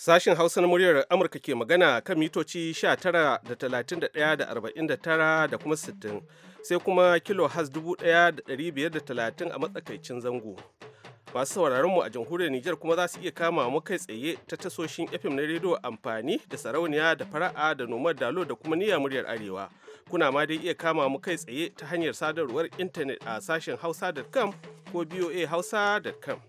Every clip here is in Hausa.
Sashen Hausa na muryar Amurka ke magana kan mitoci 19 da 31 da 49 da kuma 60 sai kuma kilo has 1530 a matsakaicin zango. Masu sauraron mu a jamhuriyar Nijar kuma za su iya kama mu kai tsaye ta tasoshin FM na rediyo amfani da sarauniya da fara'a da nomar dalo da kuma niyya muryar arewa. Kuna ma dai iya kama mu kai tsaye ta hanyar sadarwar intanet a sashen hausa.com ko boa hausa.com.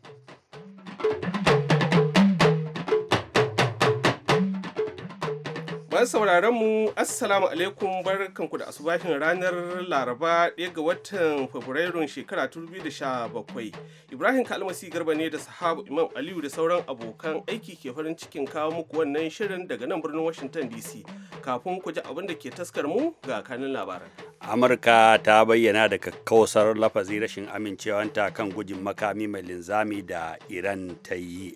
Masu sauraron mu Assalamu alaikum barkanku da asubahin ranar Laraba ɗaya ga watan Fabrairun shekara 2017. Ibrahim Kalmasi Garba ne da sahabu Imam Aliyu da sauran abokan aiki ke farin cikin kawo muku wannan shirin daga nan birnin Washington DC. Kafin ku ji abin da ke taskar mu ga kanin labaran. Amurka ta bayyana da kakkausar lafazi rashin amincewanta kan gujin makami mai linzami da Iran ta yi.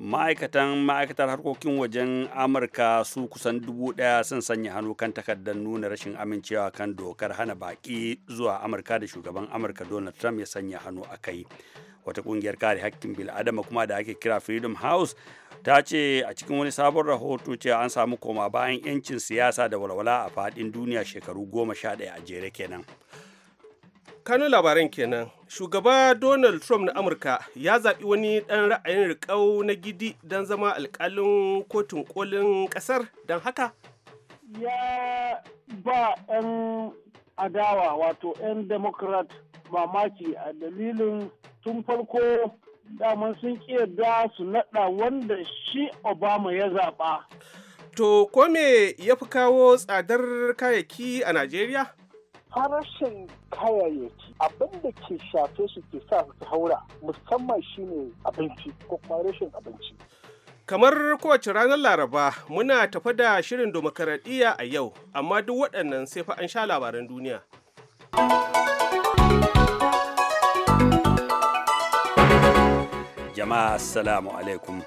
ma'aikatan ma'aikatar harkokin wajen amurka su kusan dubu daya sun sanya hannu kan takardar nuna rashin amincewa kan dokar hana baki zuwa amurka da shugaban amurka donald trump ya sanya hannu a kai wata kungiyar kare hakkin bil'adama kuma da ake kira freedom house ta ce a cikin wani sabon rahoto cewa an samu koma bayan 'yancin siyasa da walwala a faɗin duniya shekaru goma sha ɗaya a jere kenan kanun labaran kenan shugaba donald trump na amurka ya zaɓi wani ɗan ra'ayin riƙau na gidi don zama alƙalin kotun kolin ƙasar don haka ya ba 'yan adawa wato 'yan democrat mamaki a dalilin tun farko daman sun da su naɗa wanda shi obama ya zaɓa to kome ya fi kawo tsadar kayayyaki a najeriya farashin kayayyaki abin da ke shafe su ke sa su haura musamman shine abinci ko kuma rashin abinci kamar kowace ranar laraba muna tafa da shirin demokaradiyya a yau amma duk waɗannan sai fa an sha labaran duniya jama'a assalamu alaikum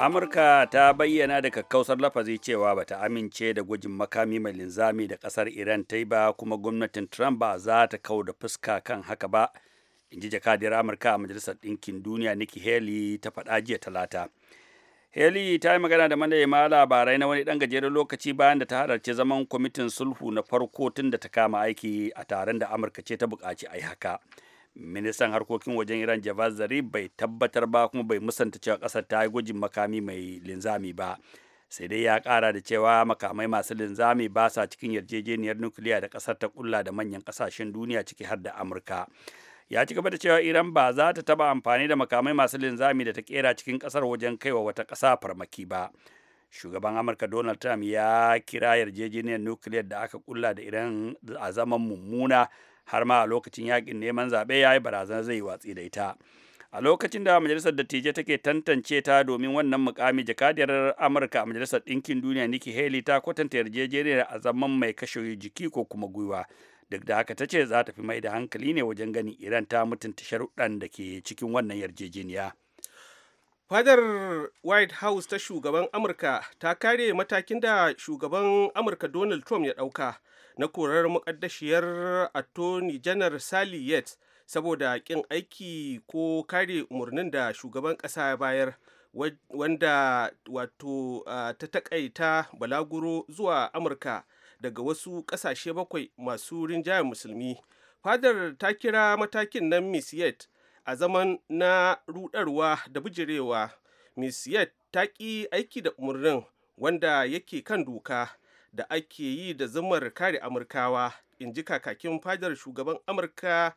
amurka ta bayyana da kakkausar lafazi cewa bata amince da gwajin makami mai linzami da kasar iran ta yi ba kuma gwamnatin trump ba za ta kau da fuska kan haka ba in ji jakadiyar amurka a majalisar ɗinkin duniya nikki haley ta faɗa jiya talata haley ta yi magana da manema labarai na wani ɗan gajeren lokaci bayan da ta halarci zaman kwamitin sulhu na farko tun da ta kama aiki a taron da amurka ce ta buƙaci a haka ministan harkokin wajen iran javad zarif bai tabbatar ba kuma bai musanta cewa ƙasar ta yi gwajin makami mai linzami ba sai dai ya kara da cewa makamai masu linzami ba sa cikin yarjejeniyar nukiliya da kasar ta kulla da manyan kasashen duniya ciki har da amurka ya ci gaba da cewa iran ba za ta taba amfani da makamai masu linzami da ta kera cikin kasar wajen kaiwa wata kasa farmaki ba shugaban amurka donald trump ya kira yarjejeniyar nukiliyar da aka kulla da iran a zaman mummuna har ma a lokacin yakin neman zaɓe ya yi barazana zai watsi da ita a lokacin da majalisar dattijai take tantance ta domin wannan mukami jakadiyar amurka a majalisar ɗinkin duniya nikki haley ta kwatanta yarjejeniyar a zaman mai kashe jiki ko kuma gwiwa duk da haka ta ce za ta fi mai da hankali ne wajen ganin iran ta mutunta sharuɗan da ke cikin wannan yarjejeniya fadar white house ta shugaban amurka ta kare matakin da shugaban amurka donald trump ya ɗauka na korar muƙaddashiyar attorney janar sally yates saboda ƙin aiki ko kare umarnin da shugaban ƙasa ya bayar wanda wato ta takaita balaguro zuwa amurka daga wasu ƙasashe bakwai masu rinjayen musulmi fadar ta kira matakin nan miss yet a zaman na rudarwa da bijirewa miss yet ta ƙi aiki da umarnin wanda yake kan doka da ake yi da zumar kare amurkawa in ji kakakin fadar shugaban amurka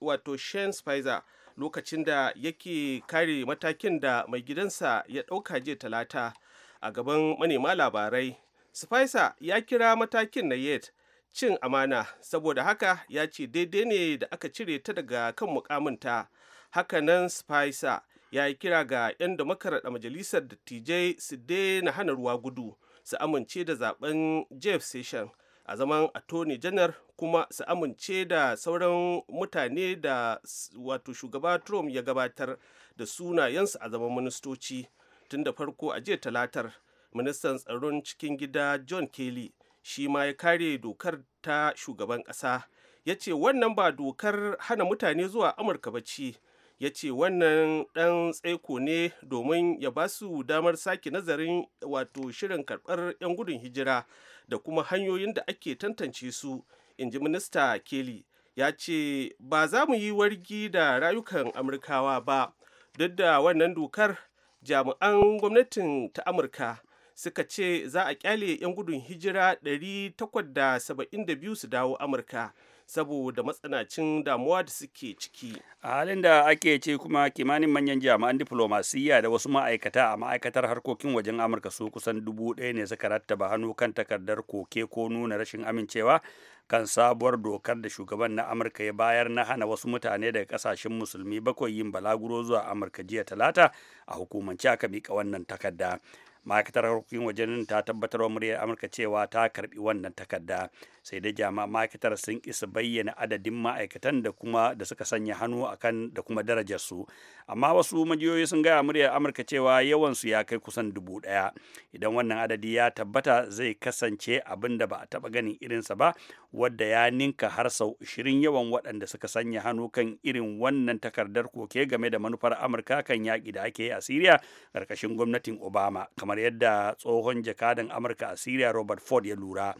wato shen spicer lokacin da yake kare matakin da mai gidansa ya ɗauka jiya talata a gaban manema labarai spicer ya kira matakin na yet cin amana saboda haka ya ce daidai ne da aka cire ta daga kan mukaminta hakanan spicer ya yi kira ga 'yan da makarada majalisar dattijai su daina hana ruwa gudu su amince da zaben jeff session a zaman attorney janar kuma su amince da sauran mutane da wato shugaba trump ya gabatar da sunayensu a zaman ministoci tun da farko a jiya talatar ministan tsaron cikin gida john kelly shi ma ya kare dokar ta shugaban kasa ya ce wannan ba dokar hana mutane zuwa amurka ba ce ya ce wannan ɗan tsaiko ne domin ya ba su damar sake nazarin wato shirin karɓar 'yan gudun hijira da kuma hanyoyin da ake tantance su in ji minista kelly ya ce ba za mu yi wargi da rayukan amurkawa ba duk da wannan dokar jami'an gwamnatin ta amurka suka ce za a kyale 'yan gudun hijira 872 su dawo amurka saboda matsanacin damuwa da suke ciki a halin da ake ce kuma kimanin manyan jami'an diflomasiyya da wasu ma'aikata a ma'aikatar harkokin wajen amurka su kusan dubu ɗaya ne suka rattaba hannu kan takardar koke ko nuna rashin amincewa kan sabuwar dokar da shugaban na amurka ya bayar na hana wasu mutane daga kasashen musulmi bakwai yin balaguro zuwa amurka jiya talata a hukumance aka miƙa wannan takarda ma'aikatar harkokin wajen ta tabbatar wa muryar amurka cewa ta karbi wannan takarda sai da jama'a ma'aikatar sun isa bayyana adadin ma'aikatan da kuma da suka sanya hannu akan da kuma darajar su amma wasu majiyoyi sun gaya muryar amurka cewa yawansu ya kai kusan dubu ɗaya idan wannan adadi ya tabbata zai kasance abin da ba a taɓa ganin irinsa ba wadda ya ninka har sau 20 yawan waɗanda suka sanya hannu kan irin wannan takardar koke game da manufar amurka kan yaƙi da ake yi a siriya ƙarƙashin gwamnatin obama kamar yadda tsohon jakadan amurka a siriya robert ford ya lura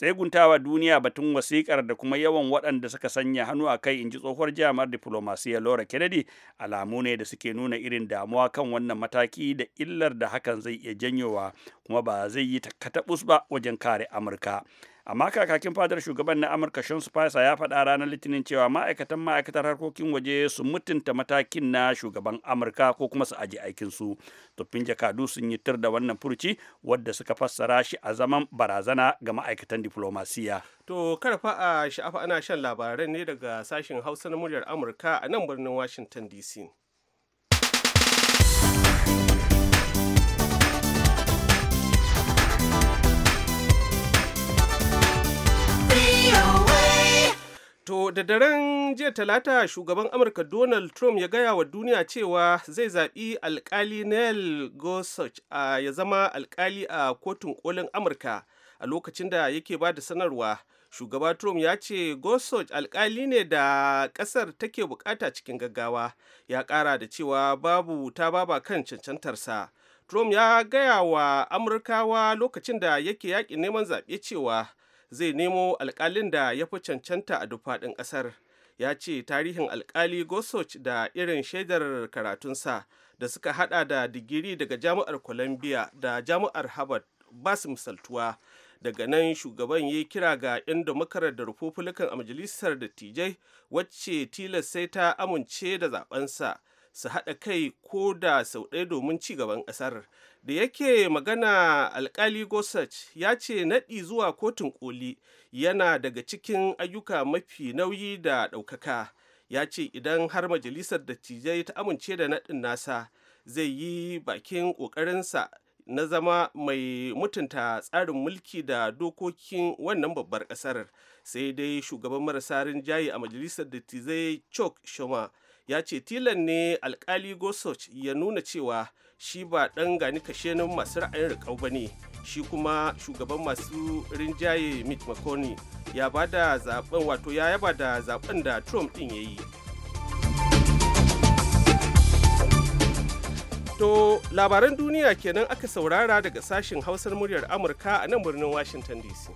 tseguntawa duniya batun wasikar da kuma yawan waɗanda suka sanya hannu a kai inji tsohuwar jami'ar diplomasiya Laura Kennedy alamu ne da suke nuna irin damuwa kan wannan mataki da illar da hakan zai iya janyowa kuma ba zai yi kataɓus ba wajen kare Amurka. amma kakakin fadar shugaban na amurka shan spicer ya faɗa ranar litinin cewa ma'aikatan ma'aikatar harkokin waje su mutunta matakin na shugaban amurka ko kuma su aji aikinsu tuffin jakadu sun yi tur da wannan furuci wadda suka fassara shi a zaman barazana ga ma'aikatan diflomasiya to karfa a sha'afa ana shan labaran ne daga sashen hausa na muryar amurka a nan birnin washington dc To da daren jiya talata shugaban Amurka Donald Trump ya gaya wa duniya cewa zai zaɓi Alƙali Neil Gorsuch a ya zama alkali a kotun kolin Amurka a lokacin da yake ba da sanarwa. Shugaba Trump ya ce Gorsuch alkali ne da ƙasar take bukata cikin gaggawa. Ya ƙara da cewa babu ta baba kan cancantarsa. Trump ya gaya wa Amurkawa lokacin da yake yaƙin neman zaɓe cewa zai nemo alkalin da ya fi cancanta a dufaɗin ƙasar ya ce tarihin alkali gosoch da irin shaidar karatunsa da suka hada da digiri daga jami'ar columbia da jami'ar harvard ba su misaltuwa daga nan shugaban ya kira ga 'yan damakarar da republican a majalisar dattijai wacce tilas sai ta amince da zabensa su haɗa kai ko da sau ɗaya domin ci gaban ƙasar da yake magana alkali gosach ya ce naɗi zuwa kotun koli yana daga cikin ayyuka mafi nauyi da ɗaukaka ya ce idan har majalisar dattijai ta amince da naɗin nasa zai yi bakin ƙoƙarinsa na zama mai mutunta tsarin mulki da dokokin wannan babbar ƙasar sai dai shugaban marasa rinjaye a majalisar dattijai chok shoma ya ce tilan ne alkali gosoch ya nuna cewa shi ba ɗan gani kashenin masu ra'ayin rikau ba ne shi kuma shugaban masu rinjaye mitt mcconnell ya ba da zaben wato ya yaba da zaben da trump ɗin ya yi to labaran duniya kenan aka saurara daga sashen hausar muryar amurka a nan birnin washington dc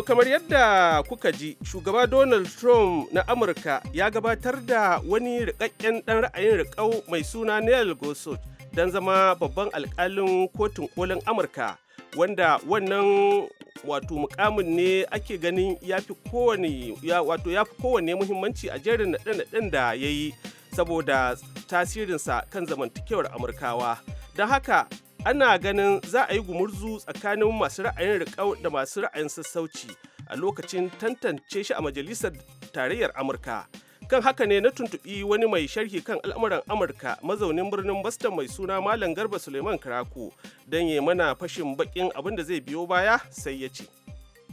To kamar yadda kuka ji, shugaba Donald Trump na Amurka ya gabatar da wani rikakken dan ra'ayin riƙau mai suna Neil Gorsuch don zama babban alkalin kotun kolin Amurka, wanda wannan wato mukamin ne ake ganin ya fi kowane wato ya fi muhimmanci a jerin naɗe-naɗen da ya yi saboda tasirinsa kan zamantakewar Amurkawa. Don haka ana ganin za a yi gumurzu tsakanin masu ra'ayin riƙau da masu ra'ayin sassauci a lokacin tantance shi a majalisar tarayyar amurka kan haka ne na tuntuɓi wani mai sharhi kan al'amuran amurka mazaunin birnin boston mai suna malam garba suleiman karaku don ya mana fashin bakin abin da zai biyo baya sai ya ce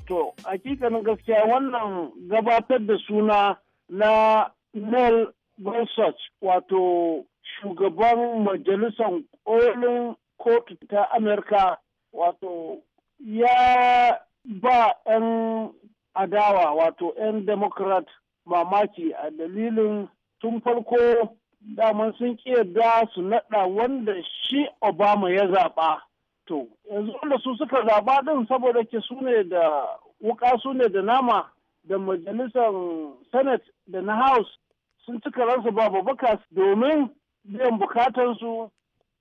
to hakikanin gaskiya wannan gabatar da suna na nel gorsuch wato shugaban majalisar kolin kotu ta amurka wato ya ba 'yan adawa wato 'yan democrat mamaki a dalilin tun farko daman sun yarda su naɗa wanda shi obama ya zaɓa to yanzu wanda su suka zaɓa ɗin saboda ke su ne da wuka su ne da nama da majalisar senate da na house sun cika ransu ba babbaka domin biyan bukatansu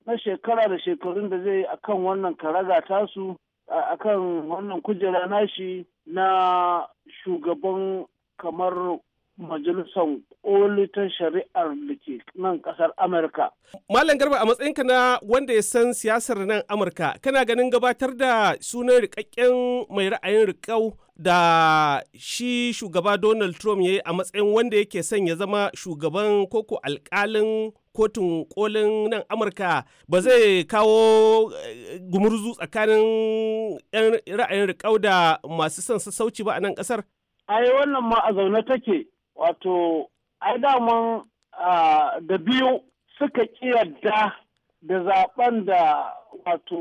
na shekara da shekarun da zai akan wannan karaga tasu akan wannan kujera nashi na shugaban kamar majalisar koli ta shari'ar da ke nan kasar amurka malam garba a matsayinka na wanda ya san siyasar nan amurka kana ganin gabatar da sunan rikakken mai ra'ayin rikau da shi shugaba donald trump ya yi a matsayin wanda yake son ya zama shugaban koko alkalin kotun kolin nan amurka ba zai kawo eh, gumurzu tsakanin 'yan ra'ayin rikau da masu son sassauci ba a nan kasar ai wannan ma a zaune take wato ai daman da biyu suka yarda da zaben da wato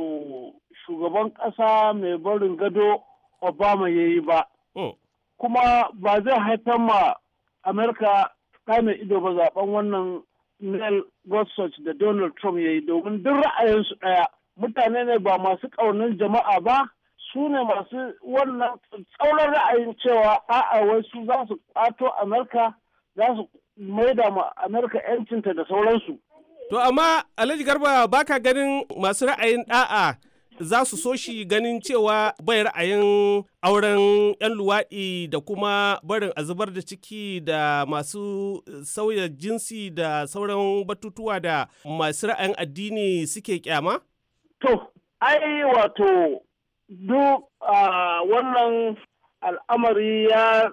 shugaban ƙasa mai barin gado obama ya yi ba hmm. kuma ba zai haifar ma amurka ta mai ido ba zaben wannan Neil Gorsuch da Donald Trump ya yi domin duk ra'ayinsu ɗaya mutane ne ba masu ƙaunin jama'a ba su ne masu wannan tsauran ra'ayin cewa a'a wai su za su ƙwato Amurka za su maida ma Amurka 'yancinta da sauransu. To amma Alhaji Garba ba ka ganin masu ra'ayin ɗa'a za su so shi ganin cewa bai ra'ayin auren 'yan luwaɗi da kuma barin a zubar da ciki da masu sauya jinsi da sauran batutuwa da masu ra'ayin addini suke kyama? To, ai wato duk wannan al'amari ya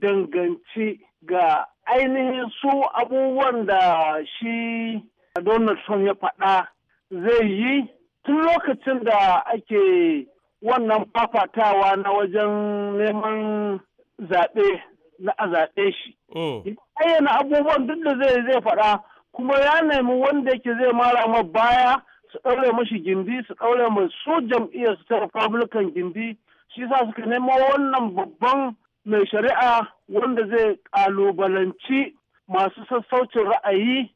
danganci ga ainihin su abubuwan da shi Donald Trump ya faɗa zai yi tun lokacin da ake wannan fafatawa na wajen neman zaɓe na a zaɓe shi. Oh. Ayyana abubuwan duk da zai zai faɗa kuma ya nemi wanda yake zai mara ma baya su ɗaure mashi gindi su ɗaure ma su jam'iyyar su ta Republican gindi shi sa suka nemo wannan babban mai shari'a wanda zai ƙalubalanci masu sassaucin ra'ayi.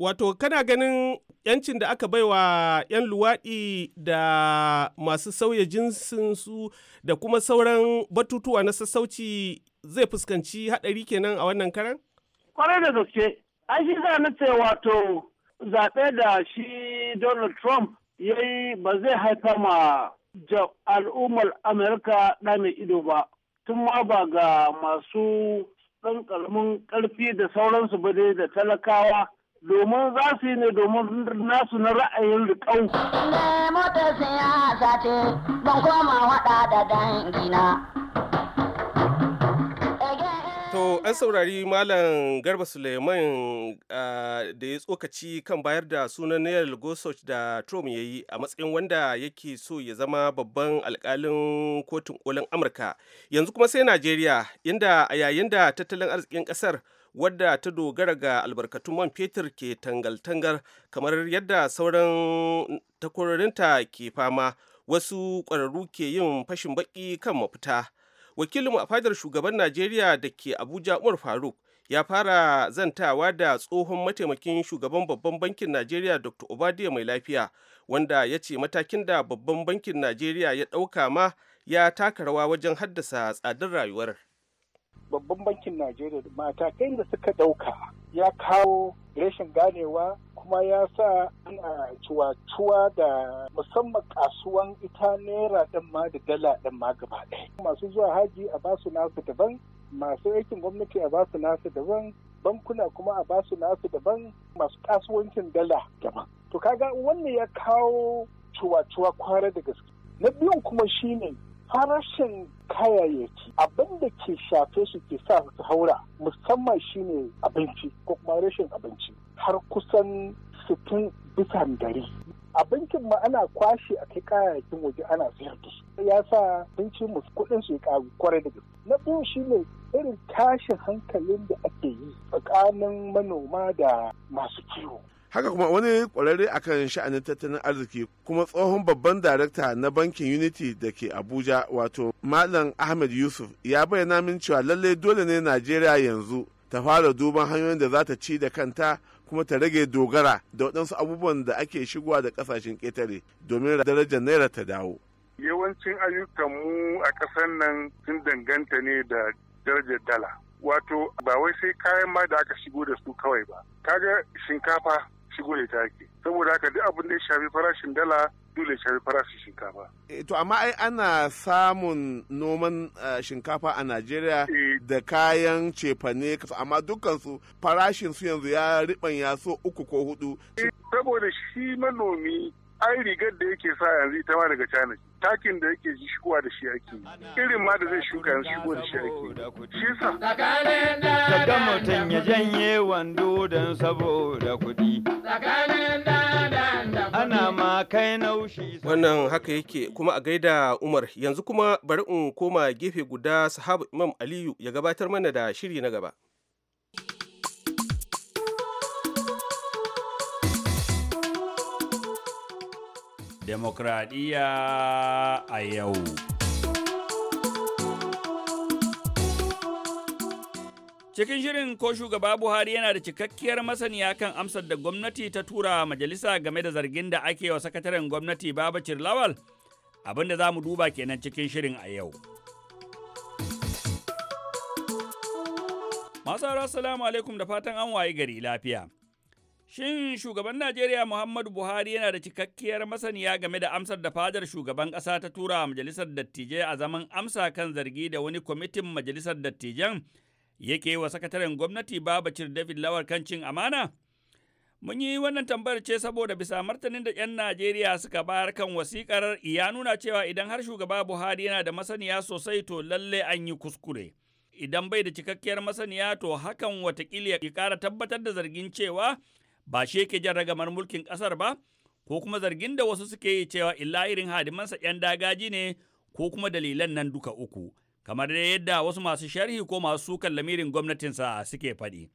Wato kana ganin yancin da aka baiwa 'yan luwaɗi da masu sauya jinsinsu da kuma sauran batutuwa na sassauci zai fuskanci haɗari kenan a wannan karan? Kwarai da gaske, an shi za na ce wato zaɓe da shi Donald Trump ya yi ba zai haifa ma al'ummar Amurka ɗa mai ido ba, tun ma ba ga masu ɗan ƙarfi da sauransu ba dai da talakawa domin za su yi ne domin nasu na ra'ayin riƙau. Ne motar siyasa ce don koma waɗa da dangina. To, an saurari Malam Garba Suleiman ah, da ya tsokaci kan bayar da sunan Neil Gorsuch da Trump ya yi a matsayin wanda yake so ya zama babban alkalin kotun kolin Amurka. Yanzu kuma sai Najeriya, inda a yayin da tattalin arzikin ƙasar wadda ta dogara ga albarkatun man fetur ke tangal-tangar kamar yadda sauran takwarorinta ke fama wasu ƙwararru ke yin fashin baƙi kan mafita wakilinmu a fadar shugaban najeriya da ke abuja umar faruk ya fara zantawa da tsohon mataimakin shugaban babban bankin najeriya dr obadiya mai lafiya wanda ya ce matakin da babban bankin najeriya ya ɗauka ma ya taka rawa wajen haddasa tsadar rayuwar babban bankin najeriya da matakai da suka ɗauka ya kawo rashin ganewa kuma ya sa ana cuwacuwa da musamman kasuwan ita naira ɗin ma da dala ɗin ma gaba ɗaya masu zuwa haji a basu nasu daban masu aikin gwamnati a basu nasu daban bankuna kuma a basu nasu daban masu kasuwancin dala daban to kaga wannan ya kawo cuwacuwa cuwa kwara da gaske na biyun kuma shine farashin kayayyaki abinda ke shafe su ke sa su haura musamman shine abinci ko kuma rashin abinci har kusan sittin bisan dari abincin ma ana kwashe a kai kayayyakin waje ana sayar da su ya sa abincin mu kuɗin su ya ƙaru kwarai da gaske na biyu shine irin tashin hankalin da ake yi tsakanin manoma da masu kiwo haka kuma wani kwararre akan sha'anin tattalin arziki kuma tsohon babban darakta na bankin unity da ke abuja wato malam ahmed yusuf ya bayyana min cewa lallai dole ne najeriya yanzu ta fara duban hanyoyin da za ta ci da kanta kuma ta rage dogara da waɗansu abubuwan da ake shigowa da ƙasashen ƙetare domin darajar naira ta dawo yawancin ayyukan mu a ƙasar nan sun danganta ne da darajar dala wato ba wai sai kayan ma da aka shigo da su kawai ba kaga shinkafa shigo da ta ake saboda haka duk abin da ya shafi farashin dala dole shafi farashin shinkafa. Eh, to amma ai ana samun noman eh, shinkafa a Najeriya eh. da kayan cefane amma dukkan su farashin su yanzu ya riɓanya so uku ko hudu. saboda shi manomi ai rigar da yake sa yanzu ita ma daga China takin da yake shigowa da shi ake irin ma da zai shuka yanzu shigo da shi ake shi sa daga mutum ya janye wando don saboda kuɗi ana ma kai naushi wannan haka yake kuma a gaida Umar yanzu kuma bari in koma gefe guda sahabu Imam Aliyu ya gabatar mana da shiri na gaba Demokradiyya a yau. Cikin shirin ko shugaba Buhari yana da cikakkiyar masaniya kan amsar da gwamnati ta tura majalisa game da zargin da ake wa sakataren gwamnati Babacir Lawal abinda za mu duba kenan cikin shirin a yau. Masu salamu alaikum da fatan an waye gari lafiya. Shin shugaban Najeriya Muhammadu Buhari yana da cikakkiyar masaniya game da amsar da fadar shugaban ƙasa ta tura majalisar dattijai a zaman amsa kan zargi da wani kwamitin majalisar dattijan yake wa sakataren gwamnati Babacir David Lawal kan cin amana? Mun yi wannan tambayar ce saboda bisa martanin da 'yan Najeriya suka bayar kan wasikar ya nuna cewa idan har shugaba Buhari yana da masaniya sosai to lalle an yi kuskure. Idan bai da cikakkiyar masaniya to hakan watakila ya ƙara tabbatar da zargin cewa ba shi yake jan ragamar mulkin ƙasar ba ko kuma zargin da wasu suke yi cewa illa irin hadimansa 'yan dagaji ne ko kuma dalilan nan duka uku kamar da yadda wasu masu sharhi ko masu sukan lamirin gwamnatinsa suke faɗi.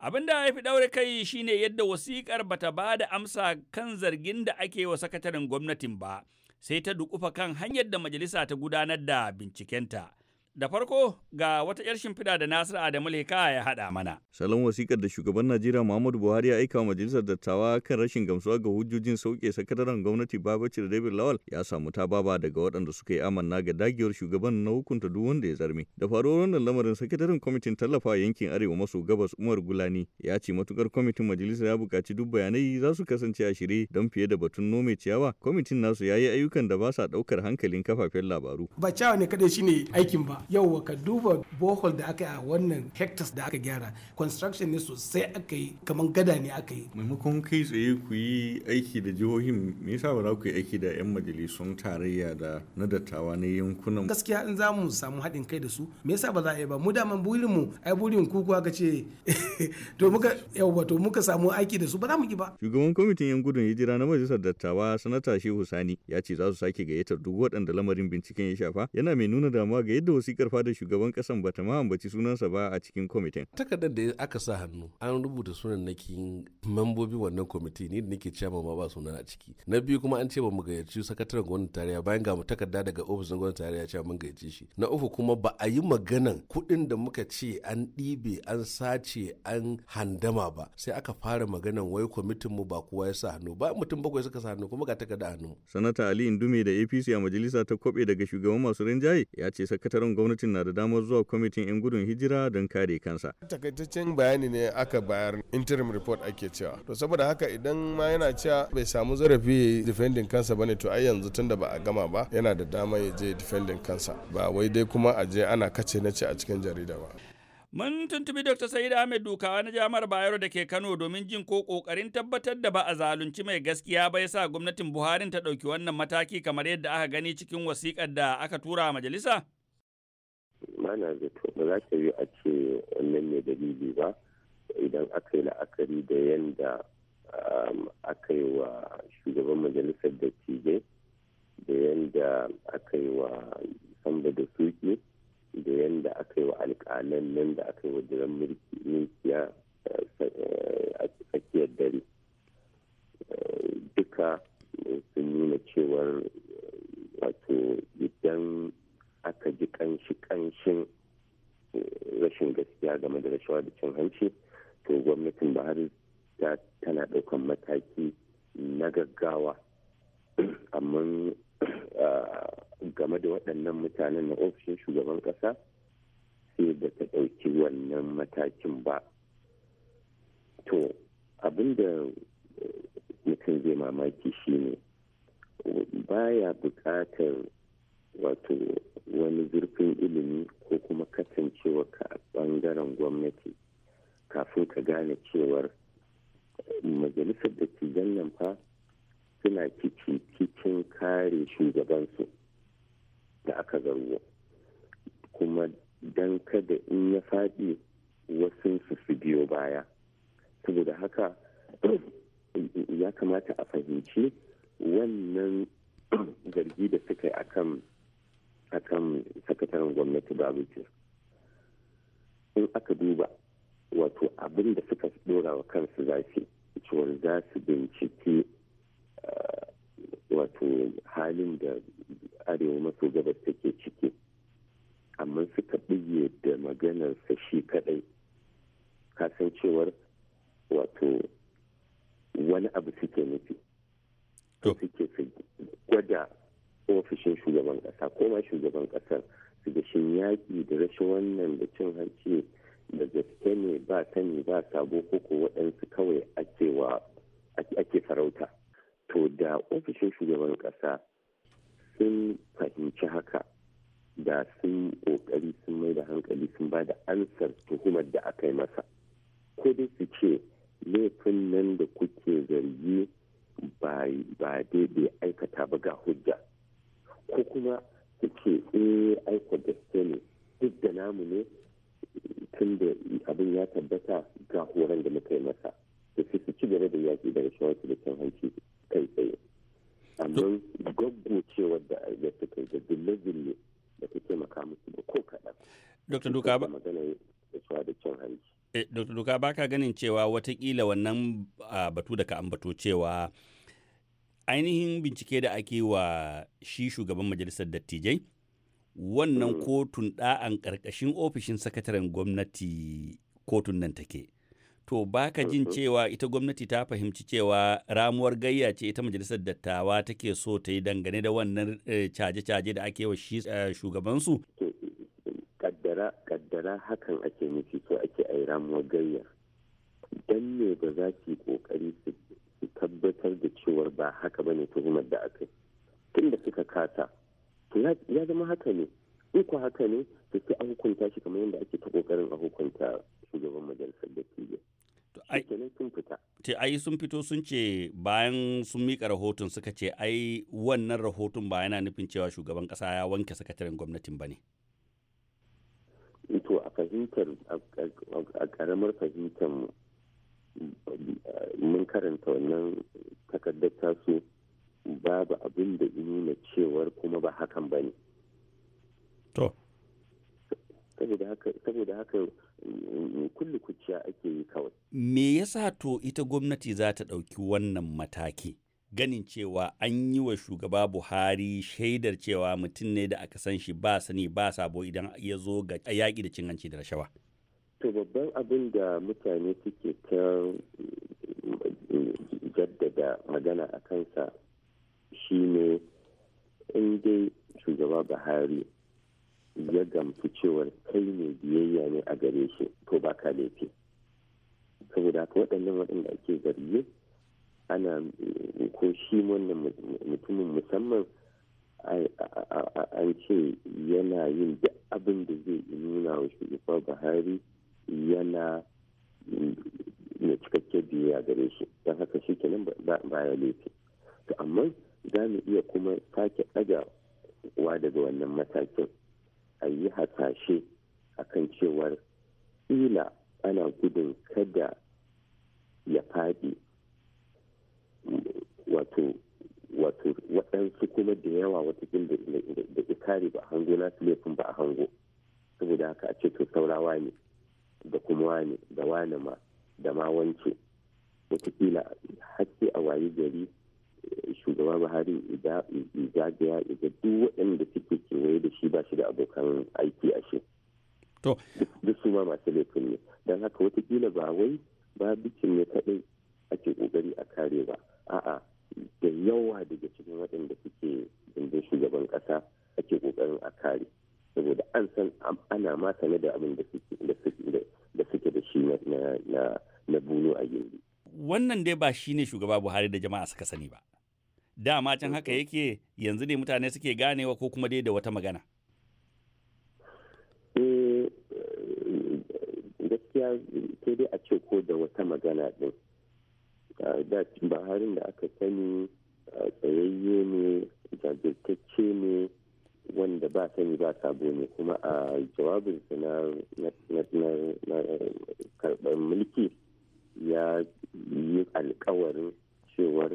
Abin da ya fi ɗaure kai shi ne yadda wasiƙar bata ba da amsa kan zargin da ake wa sakataren gwamnatin ba, sai ta dukufa kan hanyar da majalisa ta gudanar da bincikenta. Da farko ga wata 'yar shimfiɗa da Nasiru Adamu Leka ya haɗa mana. Salon wasikar da shugaban Najeriya Muhammadu Buhari ya aika wa majalisar dattawa kan rashin gamsuwa ga hujjojin sauke sakataren gwamnati Babacir David Lawal ya samu tababa daga waɗanda suka yi amanna ga dagiyar shugaban na hukunta duk wanda ya zarme. Da faruwar wannan lamarin sakataren kwamitin tallafa yankin Arewa maso gabas Umar Gulani ya ce matukar kwamitin majalisar ya buƙaci duk bayanai za su kasance a shirye don fiye da batun nome ciyawa kwamitin nasu ya yi ayyukan da ba sa ɗaukar hankalin kafafen labaru. Ba ciyawa ne kaɗai shine aikin ba yau ka duba bohol da aka yi a wannan hectares da aka gyara construction ne sosai aka yi kamar gada ne aka yi maimakon kai tsaye ku yi aiki da jihohin me yasa ba za ku yi aiki da yan majalisun tarayya da na dattawa na yankunan gaskiya in za mu samu haɗin kai da su me yasa ba za a yi ba mu mu burin mu ai burin ku kuwa ka ce to muka yawa to muka samu aiki da su ba za mu yi ba shugaban kwamitin yan gudun hijira na majalisar dattawa sanata shehu sani ya ce za su sake gayyatar duk waɗanda lamarin binciken ya shafa yana mai nuna damuwa ga yadda wasu wasikar da shugaban kasan bata ma ambaci sunansa ba a cikin kwamitin. Takardar da aka sa hannu an rubuta sunan nakin mambobi wannan kwamiti ni da nake cewa ma ba sunan a ciki. Na biyu kuma an ce ba mu gayyaci sakataren gwamnatin tarayya bayan ga mu takarda daga ofishin gwamnatin tarayya cewa mun gayyace shi. Na uku kuma ba a yi maganan kuɗin da muka ce an ɗibe an sace an handama ba sai aka fara maganan wai kwamitin mu ba kowa ya sa hannu ba mutum bakwai suka sa hannu kuma ga takarda hannu. Sanata Ali indumi da APC a majalisa ta kwabe daga shugaban masu rinjaye ya ce sakataren gwamnatin na da damar zuwa kwamitin 'yan gudun hijira don kare kansa. Takaitaccen bayani ne aka bayar interim report ake cewa. To saboda haka idan ma yana cewa bai samu zarafi defending kansa bane to ai yanzu tunda ba a gama ba yana da dama ya je defending kansa ba wai dai kuma a je ana kace na ce a cikin jarida ba. Mun tuntubi Dr. Sa'id Ahmed Dukawa na Jami'ar Bayero da ke Kano domin jin ko kokarin tabbatar da ba a zalunci mai gaskiya ba ya sa gwamnatin Buhari ta ɗauki wannan mataki kamar yadda aka gani cikin wasikar da aka tura majalisa. mana da zato ba za ta yi a ce wannan ne dalili ba idan aka yi la'akari da yadda um, aka yi wa shugaban majalisar da dattijai da yadda aka yi wa samba da suki da yadda aka yi wa alƙalan nan da aka yi wa jiran mulkiya eh, a tsakiyar dare eh, duka sun nuna cewar wato idan aka ji kanshi kanshin eh, rashin gaskiya game da rashawa da cin hanci to gwamnatin buhari ta tana ɗaukan mataki na gaggawa amma eh, game da waɗannan mutanen na ofishin shugaban ƙasa sai ba ta ɗauki wannan matakin ba to abinda eh, mutum zai mamaki shine baya buƙatar wato wani zurfin ilimi ko kuma kasancewa ka a ɓangaren gwamnati kafin ka gane cewar eh, majalisar da ke nan fa suna kici cikin kare shugabansu da aka zargo kuma don kada in ya faɗi wasu su biyo baya saboda haka ya kamata a fahimci wannan zargi da suka yi akan a kan sakataren gwamnati babakir in aka duba wato abin da suka dora wa kansu zafi su cewar za su binciki eh, wato halin da arewa maso gabas take ciki amma suka biye da maganarsa shi kadai kasancewar wato wani abu suke nufi suke su gwada ofishin shugaban kasa ko ma shugaban kasar su ga shin yaƙi da rashin wannan da cin hanci da gaske ne ba sani ba sabo ko ko waɗansu kawai ake farauta to da ofishin shugaban kasa sun fahimci haka da sun ƙoƙari sun mai da hankali sun ba da ansar tuhumar da aka yi masa ko dai su ce laifin nan da kuke zargi ba daidai aikata ba ga hujja ko kuma suke ce eh aiko gaske ne duk da namu ne tun da abin ya tabbata ga horon da muka yi masa da suke su ci gaba da yaki da shawarci da cin hanci kai tsaye amma gaggocewar da suka yi da dillazin da ta taimaka musu da ko kaɗan. Dr. Duka ba. Magana da cin hanci. Eh, Dr. Duka ba ka ganin cewa watakila wannan ah, batu da ka ambato cewa ainihin bincike da ake wa shi shugaban majalisar dattijai wannan hmm. kotun ɗa'an karkashin ofishin sakataren gwamnati kotun nan take to baka jin hmm. cewa ita gwamnati ta fahimci cewa ramuwar gayya ce ita majalisar dattawa take so ta yi dangane da wannan eh, caje-caje da ake wa shi eh, shugabansu kaddara hakan ake nufi ko ake a ramuwar gayya don ne ba za su yi kokari su su tabbatar da cewar ba haka ba ne tuhumar da aka tun da suka kasa ya zama haka ne in ku haka ne to sai a hukunta shi kamar yadda ake ta kokarin a hukunta shugaban majalisar da to ai sun fito sun ce bayan sun mika rahoton suka ce ai wannan rahoton ba yana nufin cewa shugaban kasa ya wanke sakataren gwamnatin ba ne to a fahimtar a karamar fahimtar karanta wannan takardar tasu babu abin da nuna cewar kuma ba hakan ba ne saboda haka mm, kulli kuciya ake yi kawai me yasa to ita gwamnati za ta ɗauki wannan mataki ganin cewa an yi wa shugaba buhari shaidar cewa mutum ne da aka san shi ba sani ba sabo idan ya zo ga yaƙi da cin hanci da rashawa to babban abin da mutane suke ta jaddada magana a kansa shine in dai shugaba buhari ya gamsu cewar kai ne biyayya ne a gare shi to ba ka laifi saboda ka waɗannan waɗanda ake zarge ana ko shi wannan mutumin musamman an ce yana yin duk abin da zai nuna wa shugaba buhari yana iya cikakken biyayya gare su don haka shi kenan baya laifi to amma za mu iya kuma sake ɗagawa daga wannan matakin a yi hasashe a kan cewar ila ana gudun kada ya faɗi wato wato waɗansu kuma da yawa jin da ikari ba hango na su laifin ba a hango saboda haka a ce to saurawa ne da kuma wani da wani ma da ma wance watakila haske a waye gari eh, shugaba buhari ijagaya ga duk waɗanda suke kewaye da shi ba shi da abokan aiki a shi duk su ma masu laifin ne don haka wataƙila ba wai ba bikin ne kaɗai ake ƙoƙari a kare ba a'a da yawa daga cikin waɗanda suke gindin shugaban ƙasa ake ƙoƙarin a kare saboda an san ana ma ne da abin da suke da shi na bunu a gindi. Wannan dai ba shi ne shugaba Buhari da jama'a suka sani ba. Dama can haka mm-hmm. yake yanzu ne mutane suke ganewa ko kuma dai da wata magana. Eh, gaskiya sai dai a ce ko da wata magana din. Da Buharin da aka sani tsayayye ne, jajirtacce ne, wanda ba sani ba sabo ne kuma a jawabin jawabinsa na karɓar mulki ya yi alkawarin cewar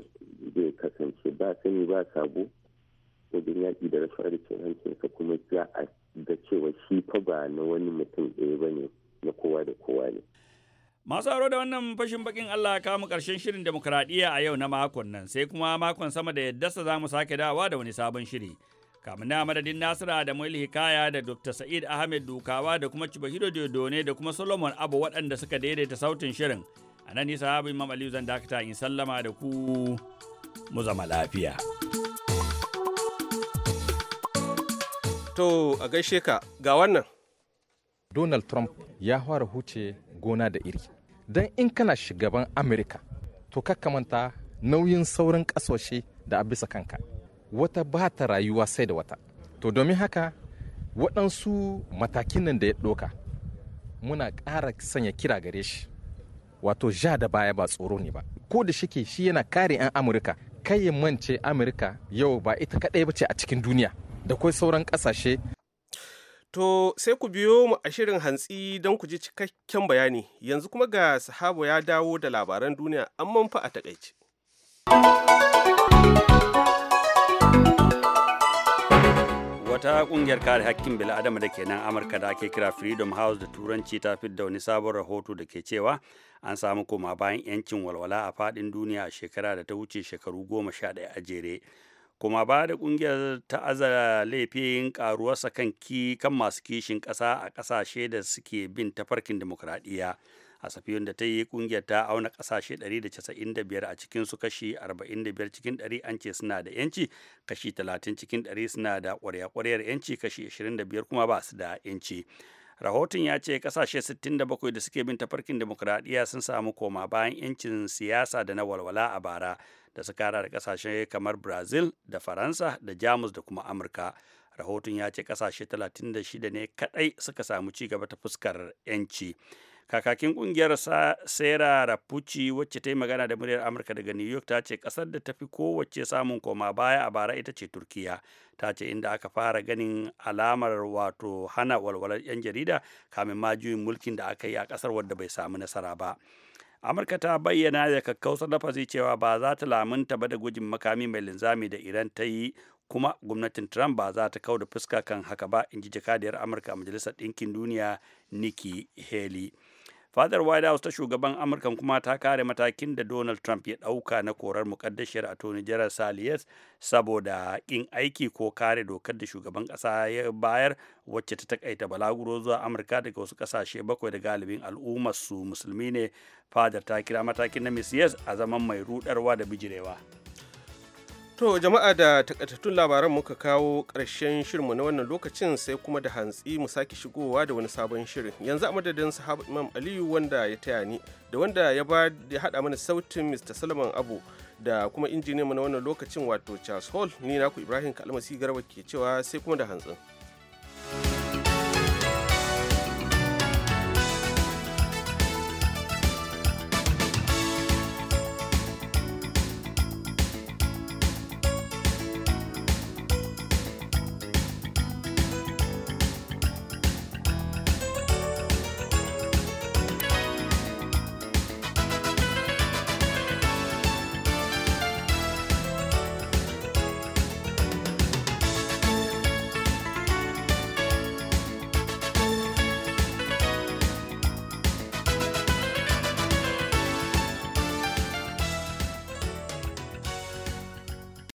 zai kasance ba sani ba sabo wajen yaƙi da rashin arzikin hancinsa kuma za a ga cewa shi fa ba na wani mutum ɗaya ba ne na kowa da kowa ne. Masu aro da wannan fashin bakin Allah ka mu karshen shirin demokradiyya a yau na makon nan sai kuma makon sama da yadda za mu sake dawa da wani sabon shiri. kamun na madadin Nasira da mai Hikaya da Dr. Sa'id Ahmed Dukawa da kuma Chibahiro Dodone da kuma Solomon Abu waɗanda suka daidaita sautin shirin. A nan nisa abin Imam Aliyu zan dakata in sallama da ku mu zama lafiya. To a gaishe ka ga wannan. Donald Trump ya fara huce gona da iri. Don in kana shugaban Amurka, to manta nauyin sauran kasashe da a bisa kanka. wata ba ta rayuwa sai da wata to domin haka waɗansu matakin nan da ya ɗoka muna ƙara sanya kira gare shi wato ja da baya ba tsoro ne ba ko da shike shi yana kare 'yan amurka kai mance amurka yau ba ita kaɗai ba ce a cikin duniya da kai sauran ƙasashe to sai ku biyo mu a shirin hantsi don ku ji cikakken bayani yanzu kuma ga sahabo ya dawo da labaran duniya an fa a takaice wata kungiyar kare hakkin bil'adama da ke nan amurka da ake kira freedom house da turanci ta da wani sabon rahoto da ke cewa an samu koma bayan yancin walwala a fadin duniya a shekara da ta wuce shekaru goma sha ɗaya a jere kuma ba da kungiyar ta'aza laifin karuwarsa kan masu kishin ƙasa a ƙasashe da suke bin tafarkin dimokuraɗiyya a safiyon da ta yi kungiyar ta auna kasashe 195 a cikin su kashi 45 cikin 100 an ce suna da yanci kashi 30 cikin 100 suna da kwarya-kwaryar yanci kashi 25 kuma ba su da yanci rahoton ya ce kasashe 67 da suke bin tafarkin demokuraɗiyya sun samu koma bayan yancin siyasa da na walwala a bara da su kara da kasashe kamar brazil da faransa da jamus da kuma amurka rahoton ya ce kasashe 36 ne kadai suka samu ci gaba ta fuskar yanci. kakakin kungiyar sera rapucci wacce ta yi magana da muryar amurka daga new york ta ce kasar da ta fi kowace samun koma baya a bara ita ce turkiya ta ce inda aka fara ganin alamar wato hana walwalar 'yan jarida kamin ma juyin mulkin da aka yi a kasar wadda bai samu nasara ba amurka ta bayyana da kakkausar lafazi cewa ba za ta lamunta ba da gujin makami mai linzami da iran ta yi kuma gwamnatin trump ba za ta kau da fuska kan haka ba in ji jakadiyar amurka a majalisar ɗinkin duniya nikki haley fadar white house ta shugaban amurka kuma ta kare matakin da donald trump ya dauka na korar mukaddashiyar attorney general saliyas saboda ƙin aiki ko kare dokar da shugaban ƙasa ya bayar wacce ta takaita balaguro zuwa amurka daga wasu ƙasashe bakwai da galibin al'ummar su musulmi ne fadar ta kira matakin na miss yes a zaman mai rudarwa da bijirewa To jama'a da takaitattun labaran muka kawo ƙarshen shirinmu na wannan lokacin sai kuma da hantsi mu sake shigowa da wani sabon shirin. Yanzu a madadin sahabu Imam Aliyu wanda ya taya ni da wanda ya ba ya haɗa mana sautin Mr. Solomon Abu da kuma mu na wannan lokacin wato Charles Hall ni naku Ibrahim Kalmasi Garba ke cewa sai kuma da hantsin.